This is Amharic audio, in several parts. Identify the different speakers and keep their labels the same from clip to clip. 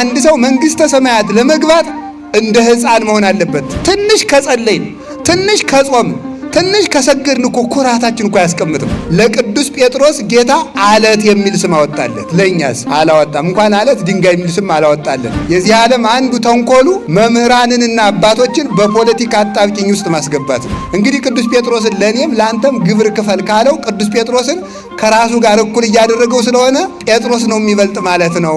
Speaker 1: አንድ ሰው መንግሥተ ሰማያት ለመግባት እንደ ሕፃን መሆን አለበት። ትንሽ ከጸለይን፣ ትንሽ ከጾምን፣ ትንሽ ከሰገድን እኮ ኩራታችን እኮ አያስቀምጥም። ለቅዱስ ጴጥሮስ ጌታ አለት የሚል ስም አወጣለት። ለእኛስ አላወጣም። እንኳን አለት ድንጋይ የሚል ስም አላወጣለን። የዚህ ዓለም አንዱ ተንኮሉ መምህራንንና አባቶችን በፖለቲካ አጣብቂኝ ውስጥ ማስገባት ነው። እንግዲህ ቅዱስ ጴጥሮስን ለእኔም ለአንተም ግብር ክፈል ካለው ቅዱስ ጴጥሮስን ከራሱ ጋር እኩል እያደረገው ስለሆነ ጴጥሮስ ነው የሚበልጥ ማለት ነው።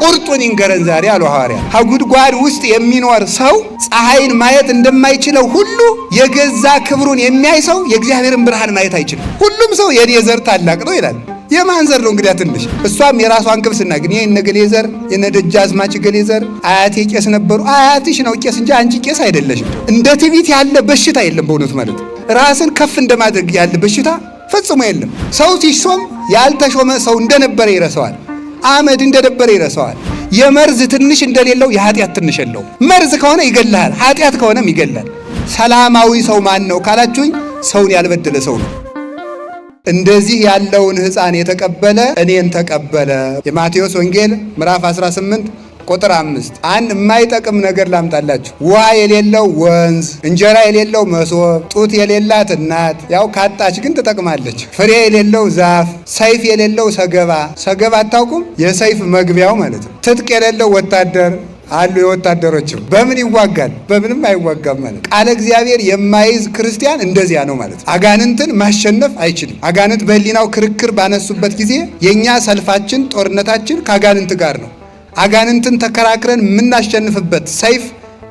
Speaker 1: ቁርጡን ይንገረን ዛሬ አሉ ሐዋርያ። ከጉድጓድ ውስጥ የሚኖር ሰው ፀሐይን ማየት እንደማይችለው ሁሉ የገዛ ክብሩን የሚያይ ሰው የእግዚአብሔርን ብርሃን ማየት አይችልም። ሁሉም ሰው የኔ ዘር ታላቅ ነው ይላል። የማን ዘር ነው እንግዲያ? ትንሽ እሷም የራሷን ቅብስና ግን ይህ ነገሌ ዘር የነደጃዝማች ገሌ ዘር አያቴ ቄስ ነበሩ። አያትሽ ነው ቄስ እንጂ አንቺ ቄስ አይደለሽም። እንደ ትቢት ያለ በሽታ የለም። በእውነት ማለት ራስን ከፍ እንደማድረግ ያለ በሽታ ፈጽሞ የለም። ሰው ሲሾም ያልተሾመ ሰው እንደነበረ ይረሳዋል። አመድ እንደነበረ ይረሳዋል። የመርዝ ትንሽ እንደሌለው የኃጢአት ትንሽ የለውም። መርዝ ከሆነ ይገላል፣ ኃጢአት ከሆነም ይገላል። ሰላማዊ ሰው ማን ነው ካላችሁኝ፣ ሰውን ያልበደለ ሰው ነው። እንደዚህ ያለውን ሕፃን የተቀበለ እኔን ተቀበለ። የማቴዎስ ወንጌል ምዕራፍ 18 ቁጥር አምስት አንድ የማይጠቅም ነገር ላምጣላችሁ። ውሃ የሌለው ወንዝ፣ እንጀራ የሌለው መሶብ፣ ጡት የሌላት እናት፣ ያው ካጣች ግን ትጠቅማለች። ፍሬ የሌለው ዛፍ፣ ሰይፍ የሌለው ሰገባ፣ ሰገባ አታውቁም? የሰይፍ መግቢያው ማለት ነው። ትጥቅ የሌለው ወታደር አሉ የወታደሮችም በምን ይዋጋል? በምንም አይዋጋም ማለት ቃለ እግዚአብሔር የማይዝ ክርስቲያን እንደዚያ ነው ማለት አጋንንትን ማሸነፍ አይችልም። አጋንንት በህሊናው ክርክር ባነሱበት ጊዜ የእኛ ሰልፋችን ጦርነታችን ከአጋንንት ጋር ነው። አጋንንትን ተከራክረን የምናሸንፍበት ሰይፍ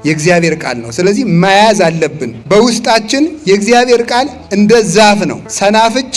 Speaker 1: የእግዚአብሔር ቃል ነው። ስለዚህ መያዝ አለብን። በውስጣችን የእግዚአብሔር ቃል እንደ ዛፍ ነው። ሰናፍጭ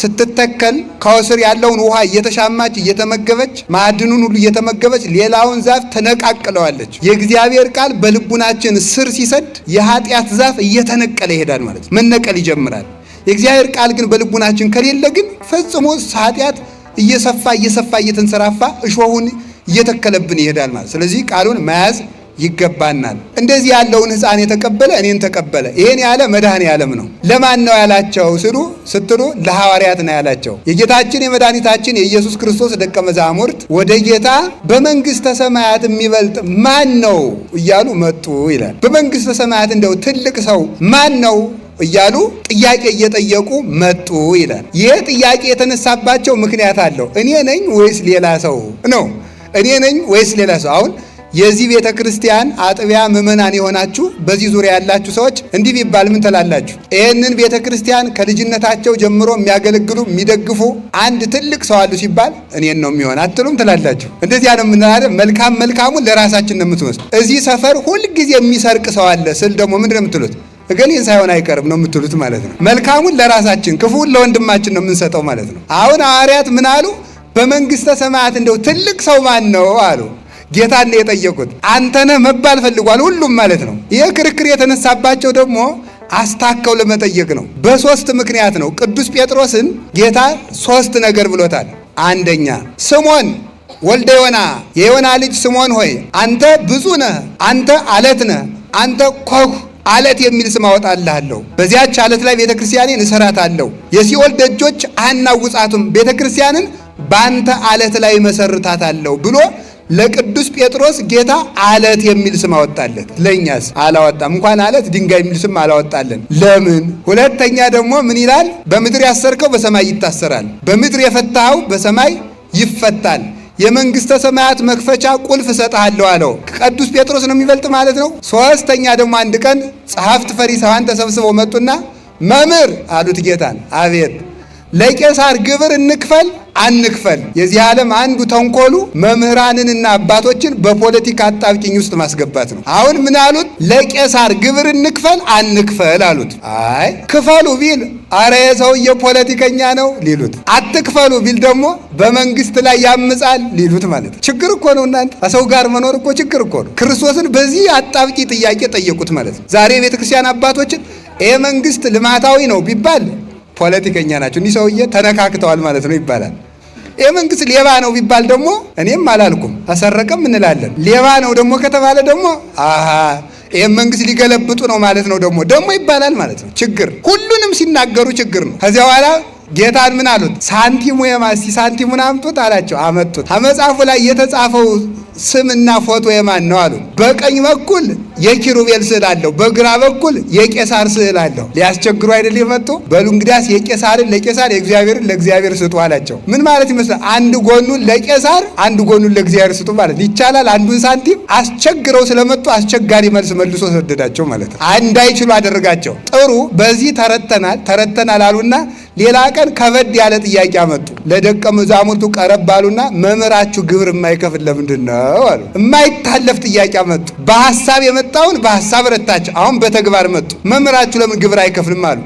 Speaker 1: ስትተከል ከወስር ያለውን ውሃ እየተሻማች እየተመገበች ማዕድኑን ሁሉ እየተመገበች ሌላውን ዛፍ ተነቃቅለዋለች። የእግዚአብሔር ቃል በልቡናችን ስር ሲሰድ የኃጢአት ዛፍ እየተነቀለ ይሄዳል ማለት ነው፣ መነቀል ይጀምራል። የእግዚአብሔር ቃል ግን በልቡናችን ከሌለ ግን ፈጽሞ ኃጢአት እየሰፋ እየሰፋ እየተንሰራፋ እሾሁን እየተከለብን ይሄዳል ማለት። ስለዚህ ቃሉን መያዝ ይገባናል። እንደዚህ ያለውን ሕፃን የተቀበለ እኔን ተቀበለ። ይሄን ያለ መድኃኔ ዓለም ነው። ለማን ነው ያላቸው ስሉ ስትሉ ለሐዋርያት ነው ያላቸው። የጌታችን የመድኃኒታችን የኢየሱስ ክርስቶስ ደቀ መዛሙርት ወደ ጌታ በመንግሥተ ሰማያት የሚበልጥ ማን ነው እያሉ መጡ ይላል። በመንግሥተ ሰማያት እንደው ትልቅ ሰው ማን ነው እያሉ ጥያቄ እየጠየቁ መጡ ይላል። ይህ ጥያቄ የተነሳባቸው ምክንያት አለው። እኔ ነኝ ወይስ ሌላ ሰው ነው? እኔ ነኝ ወይስ ሌላ ሰው? አሁን የዚህ ቤተ ክርስቲያን አጥቢያ ምእመናን የሆናችሁ በዚህ ዙሪያ ያላችሁ ሰዎች እንዲህ ቢባል ምን ትላላችሁ? ይህንን ቤተ ክርስቲያን ከልጅነታቸው ጀምሮ የሚያገለግሉ የሚደግፉ አንድ ትልቅ ሰው አሉ ሲባል እኔን ነው የሚሆን አትሉም? ትላላችሁ። እንደዚያ ነው የምንላለ። መልካም መልካሙን ለራሳችን ነው የምትወስድ። እዚህ ሰፈር ሁልጊዜ የሚሰርቅ ሰው አለ ስል ደግሞ ምንድን ነው የምትሉት? እገሌን ሳይሆን አይቀርም ነው የምትሉት ማለት ነው። መልካሙን ለራሳችን ክፉን ለወንድማችን ነው የምንሰጠው ማለት ነው። አሁን ሐዋርያት ምን አሉ? በመንግስተ ሰማያት እንደው ትልቅ ሰው ማን ነው አሉ። ጌታ ጌታን የጠየቁት አንተነህ መባል ፈልጓል፣ ሁሉም ማለት ነው። ይህ ክርክር የተነሳባቸው ደግሞ አስታከው ለመጠየቅ ነው። በሶስት ምክንያት ነው። ቅዱስ ጴጥሮስን ጌታ ሶስት ነገር ብሎታል። አንደኛ ስሞን ወልደ ዮና የዮና ልጅ ስሞን ሆይ አንተ ብዙ ነህ፣ አንተ አለት ነህ፣ አንተ ኮህ አለት የሚል ስም አወጣልሃለሁ። በዚያች አለት ላይ ቤተ ቤተክርስቲያኔን እሰራታለሁ፣ የሲኦል ደጆች ቤተ ክርስቲያንን በአንተ አለት ላይ መሰርታታለሁ ብሎ ለቅዱስ ጴጥሮስ ጌታ አለት የሚል ስም አወጣለት። ለእኛስ አላወጣም። እንኳን አለት ድንጋይ የሚል ስም አላወጣለን። ለምን? ሁለተኛ ደግሞ ምን ይላል? በምድር ያሰርከው በሰማይ ይታሰራል፣ በምድር የፈታኸው በሰማይ ይፈታል። የመንግስተ ሰማያት መክፈቻ ቁልፍ እሰጥሃለሁ አለው። ቅዱስ ጴጥሮስ ነው የሚበልጥ ማለት ነው። ሶስተኛ ደግሞ አንድ ቀን ጸሐፍት ፈሪሳውያን ተሰብስበው መጡና መምህር አሉት ጌታን። አቤት ለቄሳር ግብር እንክፈል አንክፈል የዚህ ዓለም አንዱ ተንኮሉ መምህራንንና አባቶችን በፖለቲካ አጣብቂኝ ውስጥ ማስገባት ነው። አሁን ምን አሉት? ለቄሳር ግብር እንክፈል አንክፈል አሉት። አይ ክፈሉ ቢል አረ የሰውዬ ፖለቲከኛ ነው ሊሉት፣ አትክፈሉ ቢል ደግሞ በመንግስት ላይ ያምጻል ሊሉት ማለት ነው። ችግር እኮ ነው እናንተ ከሰው ጋር መኖር እኮ ችግር እኮ ነው። ክርስቶስን በዚህ አጣብቂ ጥያቄ ጠየቁት ማለት ነው። ዛሬ የቤተክርስቲያን አባቶችን ይህ መንግስት ልማታዊ ነው ቢባል ፖለቲከኛ ናቸው። እኒህ ሰውዬ ተነካክተዋል ማለት ነው ይባላል። ይህ መንግስት ሌባ ነው ቢባል ደግሞ እኔም አላልኩም ተሰረቀም እንላለን። ሌባ ነው ደግሞ ከተባለ ደግሞ ይህ መንግስት ሊገለብጡ ነው ማለት ነው ደግሞ ደግሞ ይባላል ማለት ነው። ችግር ሁሉንም ሲናገሩ ችግር ነው። ከዚያ በኋላ ጌታን ምን አሉት? ሳንቲሙ የማስቲ ሳንቲሙን አምጡት አላቸው። አመጡት። ከመጽሐፉ ላይ የተጻፈው ስምና ፎቶ የማን ነው አሉ። በቀኝ በኩል የኪሩቤል ስዕል አለው፣ በግራ በኩል የቄሳር ስዕል አለው። ሊያስቸግሩ አይደል የመጡ? በሉ እንግዲያስ የቄሳርን ለቄሳር የእግዚአብሔርን ለእግዚአብሔር ስጡ አላቸው። ምን ማለት ይመስላል? አንድ ጎኑን ለቄሳር አንድ ጎኑን ለእግዚአብሔር ስጡ ማለት ይቻላል? አንዱን ሳንቲም አስቸግረው ስለመጡ አስቸጋሪ መልስ መልሶ ሰደዳቸው ማለት ነው። እንዳይችሉ አደረጋቸው። ጥሩ፣ በዚህ ተረተናል ተረተናል አሉና ሌላ ቀን ከበድ ያለ ጥያቄ አመጡ። ለደቀ መዛሙርቱ ቀረብ ባሉና መምህራችሁ ግብር የማይከፍል ለምንድን ነው አሉ። የማይታለፍ ጥያቄ አመጡ። በሀሳብ የመጣውን በሀሳብ ረታቸው። አሁን በተግባር መጡ። መምህራችሁ ለምን ግብር አይከፍልም አሉ።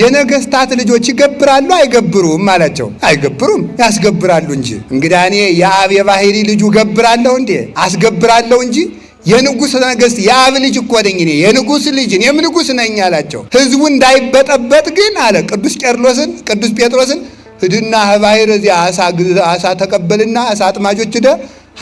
Speaker 1: የነገስታት ልጆች ይገብራሉ አይገብሩም አላቸው። አይገብሩም፣ ያስገብራሉ እንጂ። እንግዳ የአብ የባህሪ ልጁ ገብራለሁ እንዴ? አስገብራለሁ እንጂ የንጉሥ ነገሥት የአብ ልጅ እኮ ነኝ እኔ የንጉሥ ልጅ እኔም ንጉሥ ነኝ አላቸው። ህዝቡ እንዳይበጠበጥ ግን አለ ቅዱስ ቄርሎስን ቅዱስ ጴጥሮስን ሂድና ከባሕር እዚያ አሳ ተቀበልና አሳ አጥማጆች ደ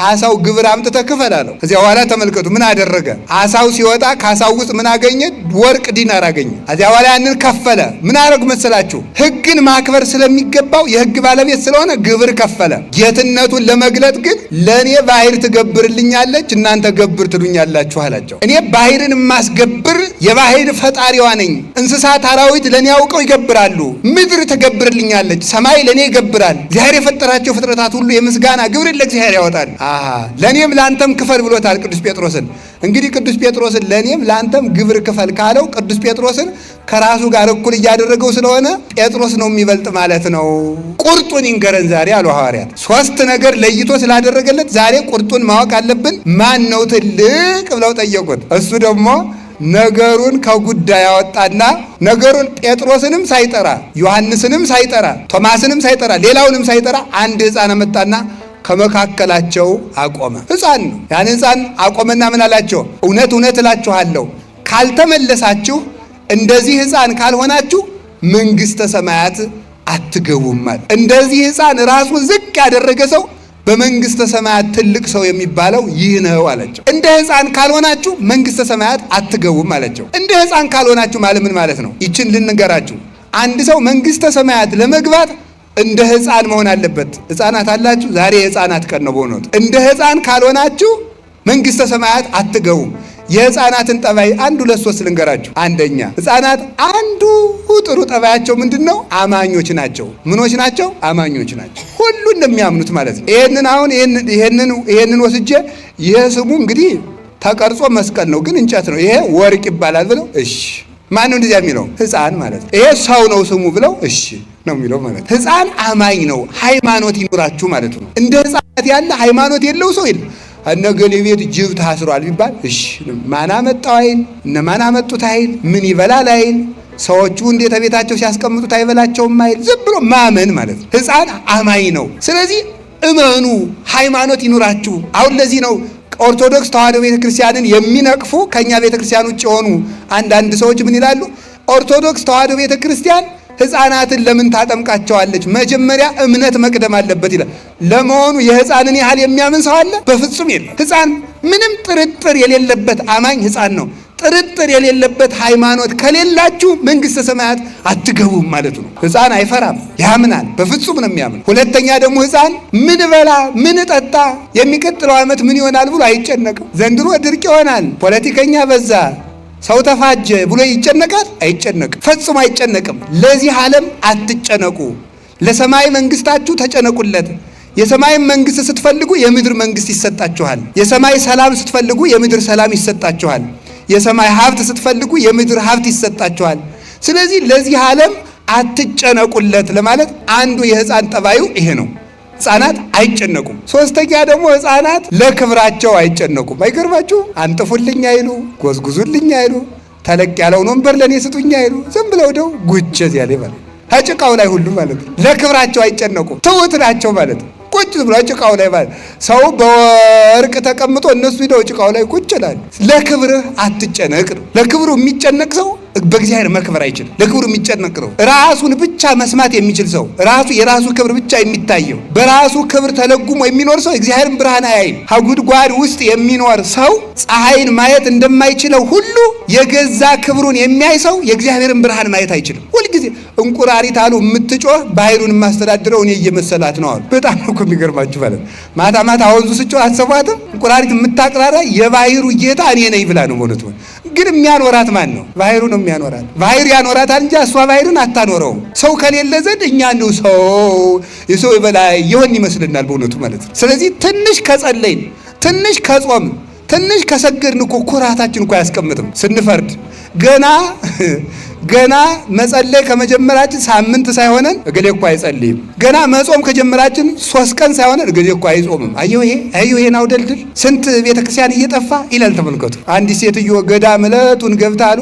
Speaker 1: አሳው ግብር አምጥተህ ክፈል አለው። እዚያ በኋላ ተመልከቱ ምን አደረገ? አሳው ሲወጣ ካሳው ውስጥ ምን አገኘ? ወርቅ ዲናር አገኘ። ከዚያ በኋላ ያንን ከፈለ። ምን አደረግ መሰላችሁ? ህግን ማክበር ስለሚገባው የህግ ባለቤት ስለሆነ ግብር ከፈለ። ጌትነቱን ለመግለጥ ግን ለእኔ ባህር ትገብርልኛለች፣ እናንተ ገብር ትሉኛላችሁ አላቸው። እኔ ባህርን የማስገብር የባህር ፈጣሪዋ ነኝ። እንስሳት አራዊት ለእኔ አውቀው ይገብራሉ። ምድር ትገብርልኛለች፣ ሰማይ ለእኔ ይገብራል። እግዚአብሔር የፈጠራቸው ፍጥረታት ሁሉ የምስጋና ግብርን ለእግዚአብሔር ያወጣል። ለእኔም ለአንተም ክፈል ብሎታል ቅዱስ ጴጥሮስን። እንግዲህ ቅዱስ ጴጥሮስን ለእኔም ለአንተም ግብር ክፈል ካለው ቅዱስ ጴጥሮስን ከራሱ ጋር እኩል እያደረገው ስለሆነ ጴጥሮስ ነው የሚበልጥ ማለት ነው። ቁርጡን ይንገረን ዛሬ አሉ ሐዋርያት። ሶስት ነገር ለይቶ ስላደረገለት ዛሬ ቁርጡን ማወቅ አለብን። ማን ነው ትልቅ ብለው ጠየቁት። እሱ ደግሞ ነገሩን ከጉዳይ ያወጣና ነገሩን ጴጥሮስንም ሳይጠራ ዮሐንስንም ሳይጠራ ቶማስንም ሳይጠራ ሌላውንም ሳይጠራ አንድ ሕፃን መጣና ከመካከላቸው አቆመ። ሕፃን ነው። ያን ሕፃን አቆመና ምን አላቸው? እውነት እውነት እላችኋለሁ ካልተመለሳችሁ እንደዚህ ሕፃን ካልሆናችሁ መንግሥተ ሰማያት አትገቡማል። እንደዚህ ሕፃን ራሱን ዝቅ ያደረገ ሰው በመንግሥተ ሰማያት ትልቅ ሰው የሚባለው ይህ ነው አላቸው። እንደ ሕፃን ካልሆናችሁ መንግሥተ ሰማያት አትገቡም አላቸው። እንደ ሕፃን ካልሆናችሁ ማለት ምን ማለት ነው? ይችን ልንገራችሁ። አንድ ሰው መንግሥተ ሰማያት ለመግባት እንደ ህፃን መሆን አለበት። ህፃናት አላችሁ? ዛሬ የህፃናት ቀን ነው። በሆኖት እንደ ህፃን ካልሆናችሁ መንግስተ ሰማያት አትገቡም። የህፃናትን ጠባይ አንድ ሁለት ሶስት ልንገራችሁ። አንደኛ ህፃናት አንዱ ጥሩ ጠባያቸው ምንድን ነው? አማኞች ናቸው። ምኖች ናቸው? አማኞች ናቸው። ሁሉ እንደሚያምኑት ማለት ነው። ይህንን አሁን ይህንን ወስጄ ይህ ስሙ እንግዲህ ተቀርጾ መስቀል ነው፣ ግን እንጨት ነው። ይሄ ወርቅ ይባላል ብለው እሺ። ማነው እንደዚያ የሚለው? ህፃን ማለት ነው። ይሄ ሰው ነው ስሙ ብለው እሺ ነው የሚለው ማለት ህፃን አማኝ ነው። ሃይማኖት ይኖራችሁ ማለት ነው። እንደ ህፃናት ያለ ሃይማኖት የለው ሰው የለም። እነ ቤት ጅብ ታስሯል ቢባል እሺ፣ ማን አመጣው አይል፣ እነ አመጡት አይል፣ ምን ይበላል አይል፣ ሰዎቹ እንዴት ቤታቸው ሲያስቀምጡት አይበላቸውም አይል። ዝም ብሎ ማመን ማለት ነው። ህፃን አማኝ ነው። ስለዚህ እመኑ፣ ሃይማኖት ይኑራችሁ። አሁን ለዚህ ነው ኦርቶዶክስ ተዋሕዶ ቤተክርስቲያንን የሚነቅፉ ከእኛ ቤተክርስቲያን ውጭ የሆኑ አንዳንድ ሰዎች ምን ይላሉ? ኦርቶዶክስ ተዋሕዶ ቤተክርስቲያን ህፃናትን ለምን ታጠምቃቸዋለች? መጀመሪያ እምነት መቅደም አለበት ይላል። ለመሆኑ የህፃንን ያህል የሚያምን ሰው አለ? በፍጹም የለም። ህፃን ምንም ጥርጥር የሌለበት አማኝ ህፃን ነው። ጥርጥር የሌለበት ሃይማኖት ከሌላችሁ መንግስተ ሰማያት አትገቡም ማለት ነው። ህፃን አይፈራም፣ ያምናል። በፍጹም ነው የሚያምን። ሁለተኛ ደግሞ ህፃን ምን በላ ምን ጠጣ የሚቀጥለው ዓመት ምን ይሆናል ብሎ አይጨነቅም። ዘንድሮ ድርቅ ይሆናል፣ ፖለቲከኛ በዛ ሰው ተፋጀ ብሎ ይጨነቃል? አይጨነቅም፣ ፈጽሞ አይጨነቅም። ለዚህ ዓለም አትጨነቁ፣ ለሰማይ መንግስታችሁ ተጨነቁለት። የሰማይ መንግስት ስትፈልጉ የምድር መንግስት ይሰጣችኋል። የሰማይ ሰላም ስትፈልጉ የምድር ሰላም ይሰጣችኋል። የሰማይ ሀብት ስትፈልጉ የምድር ሀብት ይሰጣችኋል። ስለዚህ ለዚህ ዓለም አትጨነቁለት ለማለት አንዱ የህፃን ጠባዩ ይሄ ነው። ህጻናት አይጨነቁም። ሶስተኛ ደግሞ ህጻናት ለክብራቸው አይጨነቁም። አይገርማችሁ? አንጥፉልኝ አይሉ፣ ጎዝጉዙልኝ አይሉ፣ ተለቅ ያለውን ወንበር ለእኔ ስጡኝ አይሉ። ዝም ብለው ደው ጉቸት ያለ ማለት ከጭቃው ላይ ሁሉ ማለት ነው። ለክብራቸው አይጨነቁም። ትውት ናቸው ማለት ነው። ቁጭ ብሎ ጭቃው ላይ ማለት ሰው በወርቅ ተቀምጦ እነሱ ሂደው ጭቃው ላይ ቁጭ ይላሉ። ለክብርህ አትጨነቅ ነው። ለክብሩ የሚጨነቅ ሰው በእግዚአብሔር መክበር አይችልም። ለክብሩ የሚጨነቅ ነው። ራሱን ብቻ መስማት የሚችል ሰው ራሱ የራሱ ክብር ብቻ የሚታየው በራሱ ክብር ተለጉሞ የሚኖር ሰው እግዚአብሔርን ብርሃን አያይም። ጉድጓድ ውስጥ የሚኖር ሰው ፀሐይን ማየት እንደማይችለው ሁሉ የገዛ ክብሩን የሚያይ ሰው የእግዚአብሔርን ብርሃን ማየት አይችልም። ሁልጊዜ እንቁራሪት አሉ የምትጮህ ባህሩን የማስተዳድረው እኔ እየመሰላት ነው አሉ። በጣም ነው እኮ የሚገርማችሁ ማለት ማታ ማታ ወንዙ ስጮህ አትሰማትም? እንቁራሪት የምታቅራራ የባህሩ ጌታ እኔ ነኝ ብላ ነው ማለት ግን የሚያኖራት ማን ነው? ባህሩ ነው የሚያኖራት። ባህር ያኖራታል እንጂ እሷ ባህርን አታኖረውም። ሰው ከሌለ ዘንድ እኛ ነው ሰው የሰው በላይ የሆን ይመስልናል በእውነቱ ማለት ነው። ስለዚህ ትንሽ ከጸለይን፣ ትንሽ ከጾም፣ ትንሽ ከሰገድን እኮ ኩራታችን እኮ አያስቀምጥም። ስንፈርድ ገና ገና መጸለይ ከመጀመራችን ሳምንት ሳይሆነን እገሌ እኮ አይጸልይም። ገና መጾም ከጀመራችን ሶስት ቀን ሳይሆነን እገሌ እኮ አይጾምም። አየሁ ይሄ አየሁ ይሄን አውደልድል ስንት ቤተክርስቲያን እየጠፋ ይላል። ተመልከቱ። አንዲት ሴትዮ ገዳም ዕለቱን ገብታ አሉ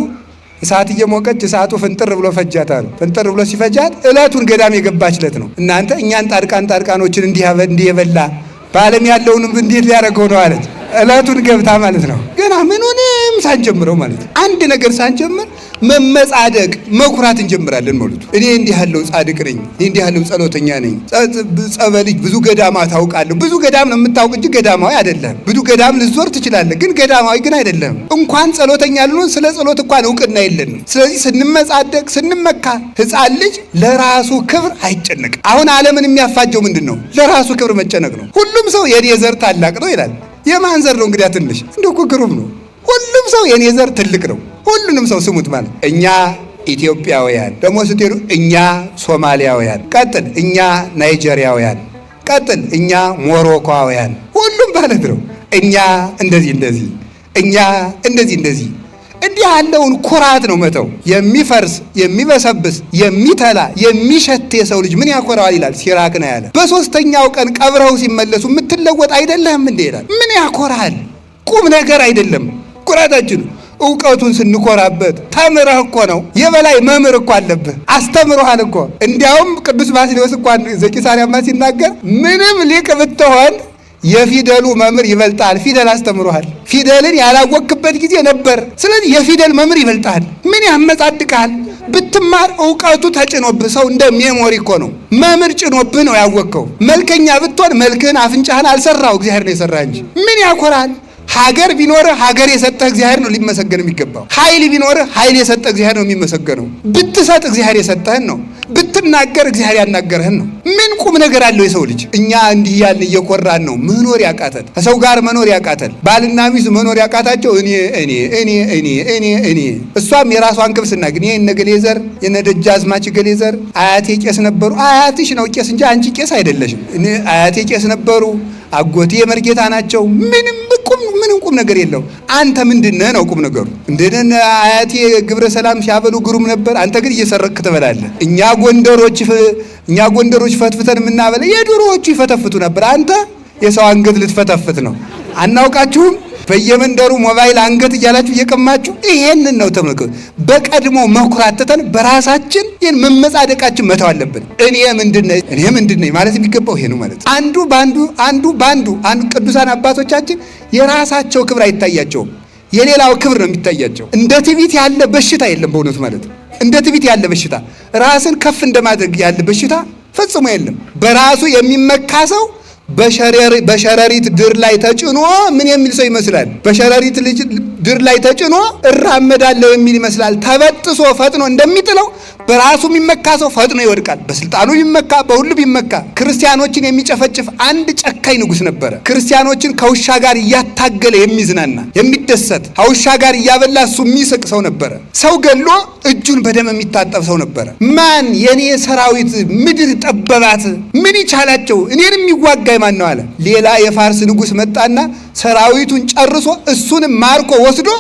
Speaker 1: እሳት እየሞቀች እሳቱ ፍንጥር ብሎ ፈጃታ ነው። ፍንጥር ብሎ ሲፈጃት እለቱን ገዳም የገባችለት ነው። እናንተ እኛን ጣድቃን ጣድቃኖችን እንዲህ የበላ በዓለም ያለውንም እንዴት ሊያደርገው ነው አለች። እለቱን ገብታ ማለት ነው። ገና ምኑንም ሳንጀምረው ማለት ነው። አንድ ነገር ሳንጀምር መመጻደቅ መኩራት እንጀምራለን ማለት እኔ እንዲህ ያለው ጻድቅ ነኝ፣ እኔ እንዲህ ያለው ጸሎተኛ ነኝ፣ ጸበልጅ ብዙ ገዳማ ታውቃለሁ። ብዙ ገዳም ነው የምታውቅ እንጂ ገዳማዊ አይደለም። ብዙ ገዳም ልዞር ትችላለህ፣ ግን ገዳማዊ ግን አይደለም። እንኳን ጸሎተኛ ልሆን ስለ ጸሎት እንኳን እውቅና የለንም። ስለዚህ ስንመጻደቅ ስንመካ ህፃን ልጅ ለራሱ ክብር አይጨነቅም። አሁን ዓለምን የሚያፋጀው ምንድን ነው? ለራሱ ክብር መጨነቅ ነው። ሁሉም ሰው የኔ ዘር ታላቅ ነው ይላል። የማን ዘር ነው እንግዲያ ትንሽ? እንደው እኮ ግሩም ነው። ሁሉም ሰው የኔ ዘር ትልቅ ነው። ሁሉንም ሰው ስሙት ማለት እኛ ኢትዮጵያውያን፣ ደግሞ ስትሄዱ እኛ ሶማሊያውያን፣ ቀጥል እኛ ናይጄሪያውያን፣ ቀጥል እኛ ሞሮኮውያን፣ ሁሉም ማለት ነው እኛ እንደዚህ እንደዚህ እኛ እንደዚህ እንደዚህ እንዲህ ያለውን ኩራት ነው መተው። የሚፈርስ የሚበሰብስ የሚተላ የሚሸት የሰው ልጅ ምን ያኮራዋል ይላል ሲራክ ነው ያለ። በሶስተኛው ቀን ቀብረው ሲመለሱ የምትለወጥ አይደለህም እንዴ ይላል። ምን ያኮራል? ቁም ነገር አይደለም ኩራታችን እውቀቱን ስንኮራበት ተምረህ እኮ ነው። የበላይ መምህር እኮ አለብህ፣ አስተምሮሃል እኮ። እንዲያውም ቅዱስ ባስልዮስ እንኳን ዘቂሳርያማ ሲናገር ምንም ሊቅ ብትሆን የፊደሉ መምህር ይበልጣል። ፊደል አስተምሮሃል። ፊደልን ያላወቅበት ጊዜ ነበር። ስለዚህ የፊደል መምህር ይበልጣል። ምን ያመጻድቃል? ብትማር እውቀቱ ተጭኖብህ ሰው እንደ ሜሞሪ እኮ ነው። መምህር ጭኖብህ ነው ያወቅከው። መልከኛ ብትሆን መልክህን አፍንጫህን አልሰራው እግዚአብሔር ነው የሰራ እንጂ ምን ያኮራል? ሀገር ቢኖርህ ሀገር የሰጠህ እግዚአብሔር ነው ሊመሰገን የሚገባው። ኃይል ቢኖርህ ኃይል የሰጠህ እግዚአብሔር ነው የሚመሰገነው። ብትሰጥ እግዚአብሔር የሰጠህን ነው። ብትናገር እግዚአብሔር ያናገረህን ነው። ምን ቁም ነገር አለው የሰው ልጅ? እኛ እንዲህ ያን እየኮራን ነው መኖር ያቃተን፣ ከሰው ጋር መኖር ያቃተን፣ ባልና ሚስት መኖር ያቃታቸው እኔ እኔ እኔ እኔ እኔ እኔ እሷም የራሷን ክብስና ግን ይህን ነገሌ የነደጃ አዝማች ገሌዘር አያቴ ቄስ ነበሩ። አያትሽ ነው ቄስ እንጂ አንቺ ቄስ አይደለሽም። አያቴ ቄስ ነበሩ፣ አጎቴ የመርጌታ ናቸው። ምንም ቁም ምንም ቁም ነገር የለው። አንተ ምንድነ ነው ቁም ነገሩ? እንደነ አያቴ ግብረ ሰላም ሲያበሉ ግሩም ነበር። አንተ ግን እየሰረክ ትበላለህ። እኛ ጎንደሮች እኛ ጎንደሮች ፈትፍተን የምናበለ የድሮዎቹ ይፈተፍቱ ነበር። አንተ የሰው አንገት ልትፈተፍት ነው። አናውቃችሁም? በየመንደሩ ሞባይል አንገት እያላችሁ እየቀማችሁ ይሄንን ነው ተመልከቱ። በቀድሞ መኩራት ትተን በራሳችን ይህን መመጻደቃችን መተው አለብን። እኔ ምንድነ እኔ ምንድነ ማለት የሚገባው ይሄ ነው ማለት አንዱ በአንዱ አንዱ በአንዱ አንዱ ቅዱሳን አባቶቻችን የራሳቸው ክብር አይታያቸውም፣ የሌላው ክብር ነው የሚታያቸው። እንደ ትዕቢት ያለ በሽታ የለም በእውነቱ ማለት ነው። እንደ ትቢት ያለ በሽታ ራስን ከፍ እንደማድረግ ያለ በሽታ ፈጽሞ የለም። በራሱ የሚመካ ሰው በሸረሪት ድር ላይ ተጭኖ ምን የሚል ሰው ይመስላል? በሸረሪት ድር ላይ ተጭኖ እራመዳለሁ የሚል ይመስላል። ተበጥሶ ፈጥኖ እንደሚጥለው በራሱ የሚመካ ሰው ፈጥኖ ይወድቃል። በስልጣኑ ቢመካ፣ በሁሉ ቢመካ ክርስቲያኖችን የሚጨፈጭፍ አንድ ጨካኝ ንጉስ ነበረ። ክርስቲያኖችን ከውሻ ጋር እያታገለ የሚዝናና የሚደሰት ከውሻ ጋር እያበላ እሱ የሚስቅ ሰው ነበረ። ሰው ገሎ እጁን በደም የሚታጠብ ሰው ነበረ። ማን የእኔ ሰራዊት ምድር ጠበባት፣ ምን ይቻላቸው እኔን የሚዋጋ ማን ነው አለ። ሌላ የፋርስ ንጉስ መጣና ሰራዊቱን ጨርሶ እሱንም ማርኮ ወስዶ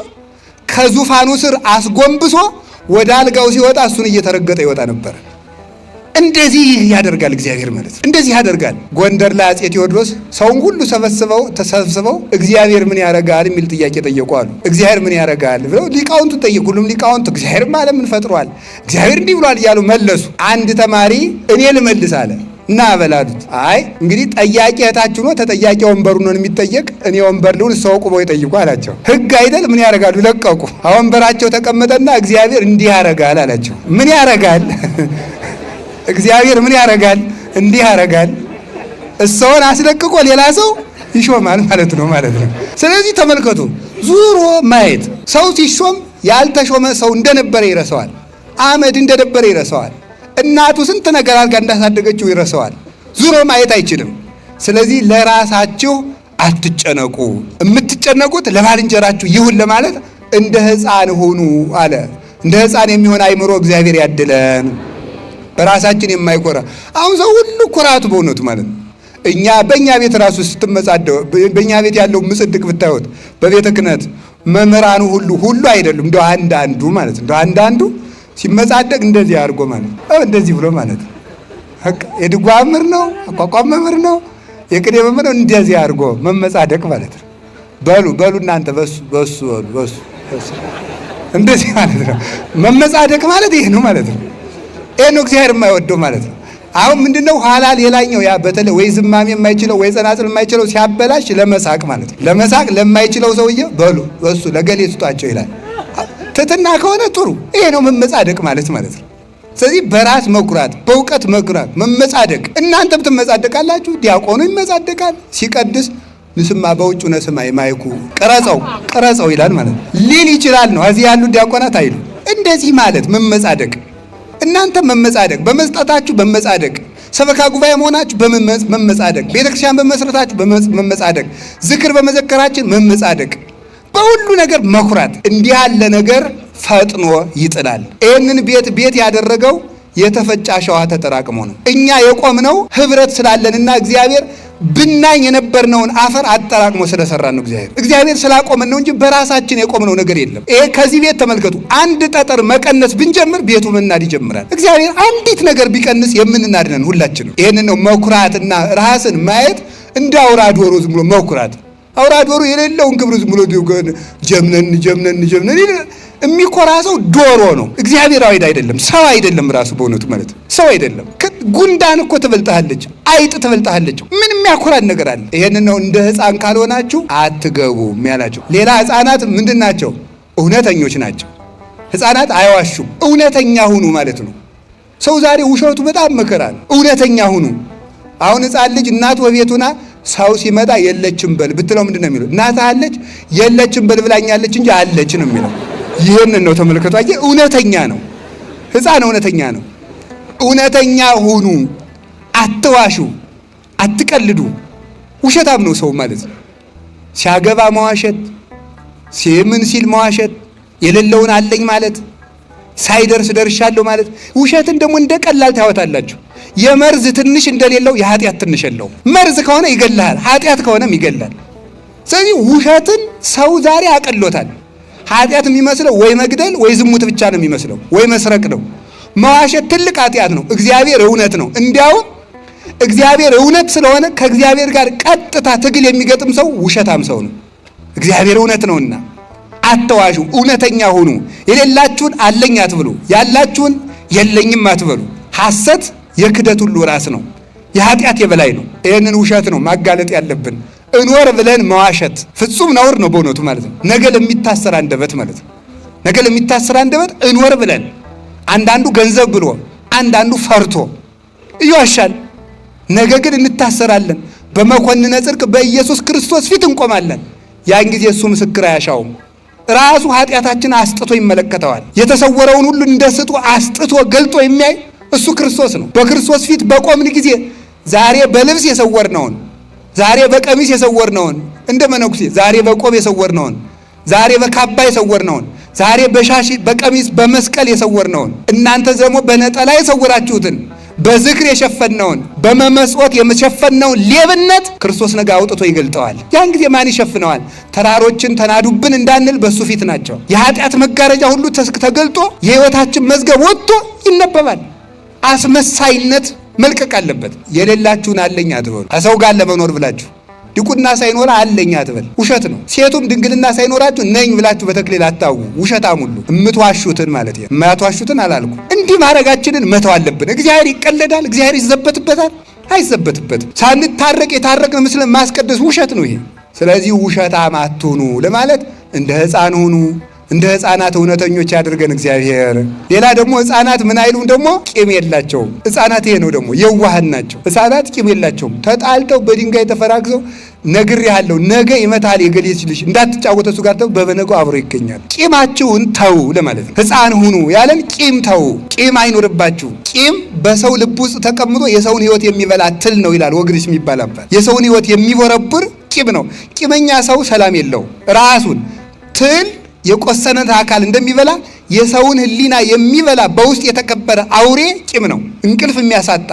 Speaker 1: ከዙፋኑ ስር አስጎንብሶ ወደ አልጋው ሲወጣ እሱን እየተረገጠ ይወጣ ነበር። እንደዚህ ያደርጋል እግዚአብሔር ማለት እንደዚህ ያደርጋል። ጎንደር ላይ አፄ ቴዎድሮስ ሰውን ሁሉ ሰበስበው ተሰብስበው እግዚአብሔር ምን ያደርጋል የሚል ጥያቄ ጠየቁ አሉ። እግዚአብሔር ምን ያደርጋል ብለው ሊቃውንቱ ጠየቁ። ሁሉም ሊቃውንቱ ማለት ምን ፈጥሯል፣ እግዚአብሔር እንዲህ ብሏል እያሉ መለሱ። አንድ ተማሪ እኔ ልመልስ አለ። እና በላሉት። አይ እንግዲህ ጠያቂ እህታችሁ ነው፣ ተጠያቂ ወንበሩ ነው የሚጠየቅ። እኔ ወንበር ልሁን፣ ሰው ቁበ ይጠይቁ አላቸው። ህግ አይደል? ምን ያደርጋሉ? ለቀቁ። ወንበራቸው ተቀመጠና እግዚአብሔር እንዲህ ያረጋል አላቸው። ምን ያረጋል? እግዚአብሔር ምን ያረጋል? እንዲህ ያረጋል። እሰውን አስለቅቆ ሌላ ሰው ይሾማል ማለት ነው ማለት ነው። ስለዚህ ተመልከቱ፣ ዙሮ ማየት ሰው ሲሾም ያልተሾመ ሰው እንደነበረ ይረሳዋል። አመድ እንደነበረ ይረሳዋል። እናቱ ስንት ነገር አድርጋ እንዳሳደገችው ይረሰዋል። ዙሮ ማየት አይችልም። ስለዚህ ለራሳችሁ አትጨነቁ፣ የምትጨነቁት ለባልንጀራችሁ ይሁን ለማለት እንደ ሕፃን ሁኑ አለ። እንደ ሕፃን የሚሆን አይምሮ እግዚአብሔር ያድለን። በራሳችን የማይኮራ አሁን ሰው ሁሉ ኩራቱ በእውነቱ ማለት እኛ በእኛ ቤት ራሱ ስትመጻደው በእኛ ቤት ያለው ምጽድቅ ብታዩት በቤተ ክህነት መምህራኑ ሁሉ ሁሉ አይደሉም እንደ አንዳንዱ ማለት እንደ አንዳንዱ ሲመጻደቅ እንደዚህ አድርጎ ማለት ነው። እንደዚህ ብሎ ማለት ነው። የድጓ መምህር ነው፣ አቋቋም መምህር ነው፣ የቅኔ መምህር ነው። እንደዚህ አድርጎ መመጻደቅ ማለት ነው። በሉ በሉ እናንተ በሱ በሱ በሉ በሱ እንደዚህ ማለት ነው። መመጻደቅ ማለት ይሄ ነው ማለት ነው። ይሄ ነው እግዚአብሔር የማይወደው ማለት ነው። አሁን ምንድነው ኋላ ሌላኛው ያ በተለይ ወይ ዝማሜ የማይችለው ወይ ጸናጽል የማይችለው ሲያበላሽ ለመሳቅ ማለት ነው። ለመሳቅ ለማይችለው ሰውዬ በሉ በሱ ለገሌ ስጧቸው ይላል። ትትና ከሆነ ጥሩ። ይሄ ነው መመጻደቅ ማለት ማለት ነው። ስለዚህ በራስ መኩራት፣ በእውቀት መኩራት፣ መመጻደቅ። እናንተም ትመጻደቃላችሁ። ዲያቆኑ ይመጻደቃል ሲቀድስ ንስማ በውጭ ነስማ የማይኩ ቅረጸው ቅረጸው ይላል ማለት ሊል ይችላል ነው። እዚህ ያሉ ዲያቆናት አይሉ እንደዚህ ማለት መመጻደቅ። እናንተ መመጻደቅ፣ በመስጠታችሁ መመጻደቅ፣ ሰበካ ጉባኤ መሆናችሁ በመመጻደቅ፣ ቤተክርስቲያን በመስረታችሁ መመጻደቅ፣ ዝክር በመዘከራችን መመጻደቅ በሁሉ ነገር መኩራት እንዲህ ያለ ነገር ፈጥኖ ይጥላል። ይህንን ቤት ቤት ያደረገው የተፈጨ አሸዋ ተጠራቅሞ ነው። እኛ የቆምነው ህብረት ስላለንና እግዚአብሔር ብናኝ የነበርነውን አፈር አጠራቅሞ ስለሰራ ነው። እግዚአብሔር እግዚአብሔር ስላቆመን ነው እንጂ በራሳችን የቆምነው ነገር የለም። ይሄ ከዚህ ቤት ተመልከቱ። አንድ ጠጠር መቀነስ ብንጀምር ቤቱ መናድ ይጀምራል። እግዚአብሔር አንዲት ነገር ቢቀንስ የምንናድነን ሁላችንም። ይህንን ነው መኩራትና ራስን ማየት እንደ አውራ ዶሮ ዝም ብሎ መኩራት አውራ ዶሮ የሌለውን ክብር ዝም ብሎ ጀምነን ጀምነን ጀምነን የሚኮራ ሰው ዶሮ ነው። እግዚአብሔር አይደለም፣ ሰው አይደለም። ራሱ በእውነቱ ማለት ሰው አይደለም። ጉንዳን እኮ ትበልጣለች፣ አይጥ ትበልጣለች። ምን የሚያኮራን ነገር አለ? ይሄን ነው እንደ ህፃን ካልሆናችሁ አትገቡም ያላቸው። ሌላ ህፃናት ምንድን ናቸው? እውነተኞች ናቸው። ህፃናት አይዋሹም። እውነተኛ ሁኑ ማለት ነው። ሰው ዛሬ ውሸቱ በጣም መከራ ነው። እውነተኛ ሁኑ። አሁን ህፃን ልጅ እናት ወቤቱና ሰው ሲመጣ የለችም በል ብትለው ምንድን ነው የሚለው? እናት አለች የለችም በል ብላኛለች እንጂ አለች ነው የሚለው። ይህንን ነው ተመልከቱ። አየህ፣ እውነተኛ ነው ሕፃን እውነተኛ ነው። እውነተኛ ሁኑ፣ አትዋሹ፣ አትቀልዱ። ውሸታም ነው ሰው ማለት ነው። ሲያገባ መዋሸት፣ ምን ሲል መዋሸት፣ የሌለውን አለኝ ማለት፣ ሳይደርስ ደርሻለሁ ማለት። ውሸትን ደግሞ እንደ ቀላል ታወታላችሁ። የመርዝ ትንሽ እንደሌለው የኃጢአት ትንሽ የለውም። መርዝ ከሆነ ይገላል፣ ኃጢአት ከሆነም ይገላል። ስለዚህ ውሸትን ሰው ዛሬ አቀሎታል። ኃጢአት የሚመስለው ወይ መግደል ወይ ዝሙት ብቻ ነው የሚመስለው፣ ወይ መስረቅ ነው። መዋሸት ትልቅ ኃጢአት ነው። እግዚአብሔር እውነት ነው። እንዲያውም እግዚአብሔር እውነት ስለሆነ ከእግዚአብሔር ጋር ቀጥታ ትግል የሚገጥም ሰው ውሸታም ሰው ነው። እግዚአብሔር እውነት ነውና አተዋሹ፣ እውነተኛ ሁኑ። የሌላችሁን አለኝ አትብሉ፣ ያላችሁን የለኝም አትበሉ። ሐሰት የክደት ሁሉ ራስ ነው። የኃጢአት የበላይ ነው። ይህንን ውሸት ነው ማጋለጥ ያለብን። እኖር ብለን መዋሸት ፍጹም ነውር ነው በእውነቱ ማለት ነው። ነገ ለሚታሰር አንደበት ማለት ነው። ነገ ለሚታሰር አንደበት እኖር ብለን አንዳንዱ ገንዘብ ብሎ አንዳንዱ ፈርቶ ይዋሻል። ነገ ግን እንታሰራለን። በመኮንነ ጽድቅ በኢየሱስ ክርስቶስ ፊት እንቆማለን። ያን ጊዜ እሱ ምስክር አያሻውም። ራሱ ኃጢአታችን አስጥቶ ይመለከተዋል። የተሰወረውን ሁሉ እንደ ስጡ አስጥቶ ገልጦ የሚያይ እሱ ክርስቶስ ነው። በክርስቶስ ፊት በቆምን ጊዜ ዛሬ በልብስ የሰወርነውን፣ ዛሬ በቀሚስ የሰወርነውን እንደ መነኩሴ፣ ዛሬ በቆብ የሰወርነውን፣ ዛሬ በካባ የሰወርነውን፣ ዛሬ በሻሽ በቀሚስ በመስቀል የሰወርነውን፣ እናንተ ደግሞ በነጠላ የሰወራችሁትን በዝክር የሸፈነውን በመመጽወት የሸፈነውን ሌብነት ክርስቶስ ነገ አውጥቶ ይገልጠዋል። ያን ጊዜ ማን ይሸፍነዋል? ተራሮችን ተናዱብን እንዳንል በእሱ ፊት ናቸው። የኃጢአት መጋረጃ ሁሉ ተገልጦ የሕይወታችን መዝገብ ወጥቶ ይነበባል። አስመሳይነት መልቀቅ አለበት። የሌላችሁን አለኝ አትበሉ። ከሰው ጋር ለመኖር ብላችሁ ድቁና ሳይኖር አለኝ አትበል፣ ውሸት ነው። ሴቱም ድንግልና ሳይኖራችሁ ነኝ ብላችሁ በተክሊል አታውቁ፣ ውሸታም ሁሉ እምትዋሹትን ማለት ነው። አላልኩ። እንዲህ ማድረጋችንን መተው አለብን። እግዚአብሔር ይቀለዳል፣ እግዚአብሔር ይዘበትበታል፣ አይዘበትበትም። ሳንታረቅ የታረቅን ምስል ማስቀደስ ውሸት ነው ይሄ። ስለዚህ ውሸታም አትሁኑ ለማለት እንደ ሕፃን ሁኑ። እንደ ህፃናት እውነተኞች ያድርገን እግዚአብሔር። ሌላ ደግሞ ህፃናት ምን አይሉም ደግሞ ቂም የላቸውም። ህፃናት ይሄ ነው ደግሞ የዋህን ናቸው። ህፃናት ቂም የላቸውም። ተጣልተው በድንጋይ ተፈራግዘው ያለው ነገ ይመታል የገሌች ልጅ እንዳትጫወተ እሱ ጋር በበነገው አብሮ ይገኛል። ቂማችሁን ተው ለማለት ነው። ህፃን ሁኑ ያለን ቂም ተው፣ ቂም አይኖርባችሁ። ቂም በሰው ልብ ውስጥ ተቀምጦ የሰውን ህይወት የሚበላ ትል ነው ይላል ወግሪሽ የሚባል የሰውን ህይወት የሚቦረቡር ቂም ነው። ቂመኛ ሰው ሰላም የለው ራሱን ትል የቆሰነት አካል እንደሚበላ የሰውን ህሊና የሚበላ በውስጥ የተከበረ አውሬ ቂም ነው። እንቅልፍ የሚያሳጣ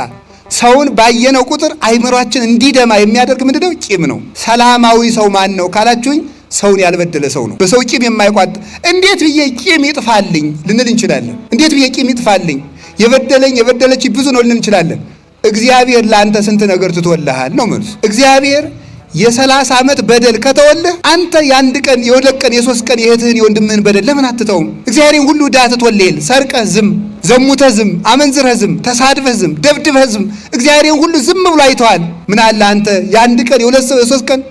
Speaker 1: ሰውን ባየነው ቁጥር አይምሯችን እንዲደማ የሚያደርግ ምንድነው? ቂም ነው። ሰላማዊ ሰው ማን ነው ካላችሁኝ፣ ሰውን ያልበደለ ሰው ነው። በሰው ቂም የማይቋጥ እንዴት ብዬ ቂም ይጥፋልኝ ልንል እንችላለን። እንዴት ብዬ ቂም ይጥፋልኝ፣ የበደለኝ የበደለች ብዙ ነው ልንል እንችላለን። እግዚአብሔር ለአንተ ስንት ነገር ትቶልሃል ነው መልሱ። እግዚአብሔር የሰላሳ ዓመት በደል ከተወለህ አንተ የአንድ ቀን የሁለት ቀን የሶስት ቀን የእህትህን የወንድምህን በደል ለምን አትተውም? እግዚአብሔርን ሁሉ ዕዳ ትቶልሃል። ሰርቀህ ዝም፣ ዘሙተህ ዝም፣ አመንዝረህ ዝም፣ ተሳድፈህ ዝም፣ ደብድፈህ ዝም። እግዚአብሔርን ሁሉ ዝም ብሎ አይተዋል። ምን አለ አንተ የአንድ ቀን የሁለት ሰው የሶስት ቀን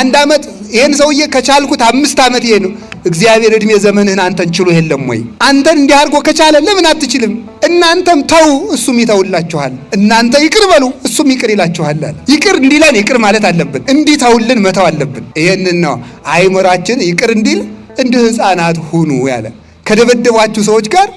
Speaker 1: አንድ ዓመት ይህን ሰውዬ ከቻልኩት አምስት ዓመት ይሄ ነው እግዚአብሔር እድሜ ዘመንህን አንተን ችሎ የለም ወይ? አንተን እንዲህ አድርጎ ከቻለ ለምን አትችልም? እናንተም ተው፣ እሱም ይተውላችኋል። እናንተ ይቅር በሉ እሱም ይቅር ይላችኋል። ይቅር እንዲለን ይቅር ማለት አለብን። እንዲተውልን መተው አለብን። ይህንን ነው አይምሯችን ይቅር እንዲል እንደ ሕፃናት ሁኑ ያለ ከደበደቧችሁ ሰዎች ጋር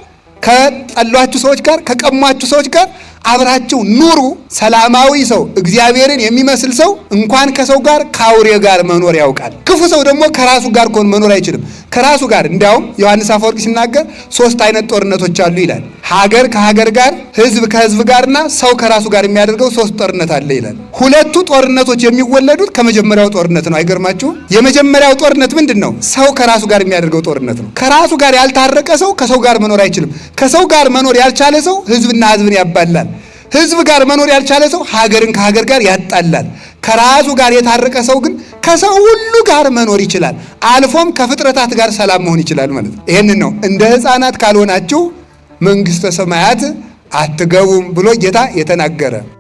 Speaker 1: ከጠሏችሁ ሰዎች ጋር ከቀሟችሁ ሰዎች ጋር አብራቸው ኑሩ። ሰላማዊ ሰው እግዚአብሔርን የሚመስል ሰው እንኳን ከሰው ጋር ከአውሬ ጋር መኖር ያውቃል። ክፉ ሰው ደግሞ ከራሱ ጋር መኖር አይችልም። ከራሱ ጋር እንዲያውም ዮሐንስ አፈወርቅ ሲናገር ሶስት አይነት ጦርነቶች አሉ ይላል። ሀገር ከሀገር ጋር ህዝብ ከህዝብ ጋርና ሰው ከራሱ ጋር የሚያደርገው ሶስት ጦርነት አለ ይላል። ሁለቱ ጦርነቶች የሚወለዱት ከመጀመሪያው ጦርነት ነው። አይገርማችሁ? የመጀመሪያው ጦርነት ምንድን ነው? ሰው ከራሱ ጋር የሚያደርገው ጦርነት ነው። ከራሱ ጋር ያልታረቀ ሰው ከሰው ጋር መኖር አይችልም። ከሰው ጋር መኖር ያልቻለ ሰው ህዝብና ህዝብን ያባላል። ህዝብ ጋር መኖር ያልቻለ ሰው ሀገርን ከሀገር ጋር ያጣላል። ከራሱ ጋር የታረቀ ሰው ግን ከሰው ሁሉ ጋር መኖር ይችላል። አልፎም ከፍጥረታት ጋር ሰላም መሆን ይችላል ማለት ነው። ይህንን ነው እንደ ህፃናት ካልሆናችሁ መንግስተ ሰማያት አትገቡም ብሎ ጌታ የተናገረ